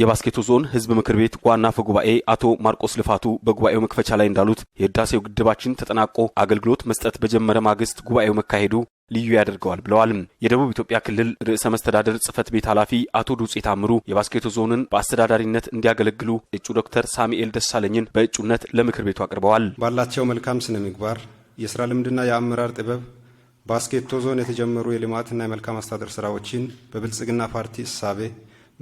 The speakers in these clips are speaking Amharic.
የባስኬቶ ዞን ህዝብ ምክር ቤት ዋና አፈ ጉባኤ አቶ ማርቆስ ልፋቱ በጉባኤው መክፈቻ ላይ እንዳሉት የህዳሴው ግድባችን ተጠናቆ አገልግሎት መስጠት በጀመረ ማግስት ጉባኤው መካሄዱ ልዩ ያደርገዋል ብለዋል። የደቡብ ኢትዮጵያ ክልል ርዕሰ መስተዳደር ጽህፈት ቤት ኃላፊ አቶ ዱጼ ታምሩ የባስኬቶ ዞንን በአስተዳዳሪነት እንዲያገለግሉ እጩ ዶክተር ሳሙኤል ደሳለኝን በእጩነት ለምክር ቤቱ አቅርበዋል። ባላቸው መልካም ስነ ምግባር፣ የስራ ልምድና የአመራር ጥበብ ባስኬቶ ዞን የተጀመሩ የልማትና የመልካም አስተዳደር ስራዎችን በብልጽግና ፓርቲ እሳቤ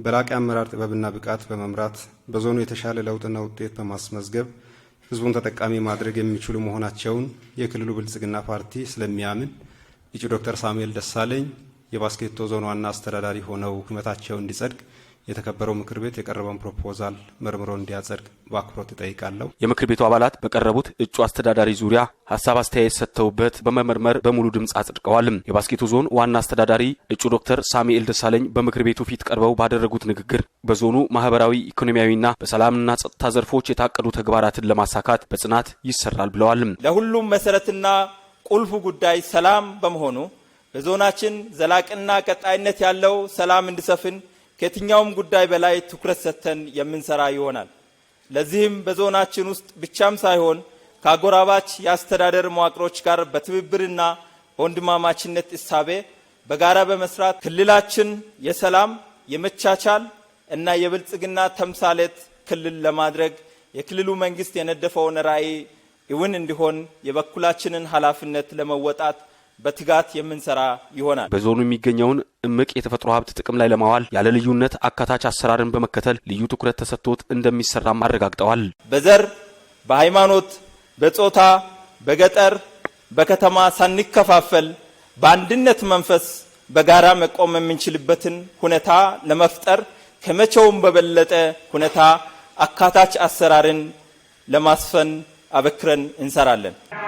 በላቀ አመራር ጥበብና ብቃት በመምራት በዞኑ የተሻለ ለውጥና ውጤት በማስመዝገብ ህዝቡን ተጠቃሚ ማድረግ የሚችሉ መሆናቸውን የክልሉ ብልጽግና ፓርቲ ስለሚያምን እጩ ዶክተር ሳሙኤል ደሳለኝ የባስኬቶ ዞን ዋና አስተዳዳሪ ሆነው ህመታቸው እንዲጸድቅ የተከበረው ምክር ቤት የቀረበውን ፕሮፖዛል መርምሮ እንዲያጸድቅ በአክብሮት ይጠይቃለሁ። የምክር ቤቱ አባላት በቀረቡት እጩ አስተዳዳሪ ዙሪያ ሀሳብ አስተያየት ሰጥተውበት በመመርመር በሙሉ ድምፅ አጽድቀዋልም። የባስኬቱ ዞን ዋና አስተዳዳሪ እጩ ዶክተር ሳሙኤል ደሳለኝ በምክር ቤቱ ፊት ቀርበው ባደረጉት ንግግር በዞኑ ማህበራዊ፣ ኢኮኖሚያዊና በሰላምና ጸጥታ ዘርፎች የታቀዱ ተግባራትን ለማሳካት በጽናት ይሰራል ብለዋል። ለሁሉም መሰረትና ቁልፉ ጉዳይ ሰላም በመሆኑ በዞናችን ዘላቅና ቀጣይነት ያለው ሰላም እንዲሰፍን ከየትኛውም ጉዳይ በላይ ትኩረት ሰጥተን የምንሰራ ይሆናል። ለዚህም በዞናችን ውስጥ ብቻም ሳይሆን ከአጎራባች የአስተዳደር መዋቅሮች ጋር በትብብርና በወንድማማችነት እሳቤ በጋራ በመስራት ክልላችን የሰላም የመቻቻል እና የብልጽግና ተምሳሌት ክልል ለማድረግ የክልሉ መንግስት የነደፈውን ራዕይ እውን እንዲሆን የበኩላችንን ኃላፊነት ለመወጣት በትጋት የምንሰራ ይሆናል። በዞኑ የሚገኘውን እምቅ የተፈጥሮ ሀብት ጥቅም ላይ ለማዋል ያለ ልዩነት አካታች አሰራርን በመከተል ልዩ ትኩረት ተሰጥቶት እንደሚሰራም አረጋግጠዋል። በዘር፣ በሃይማኖት፣ በጾታ፣ በገጠር፣ በከተማ ሳንከፋፈል በአንድነት መንፈስ በጋራ መቆም የምንችልበትን ሁኔታ ለመፍጠር ከመቼውም በበለጠ ሁኔታ አካታች አሰራርን ለማስፈን አበክረን እንሰራለን።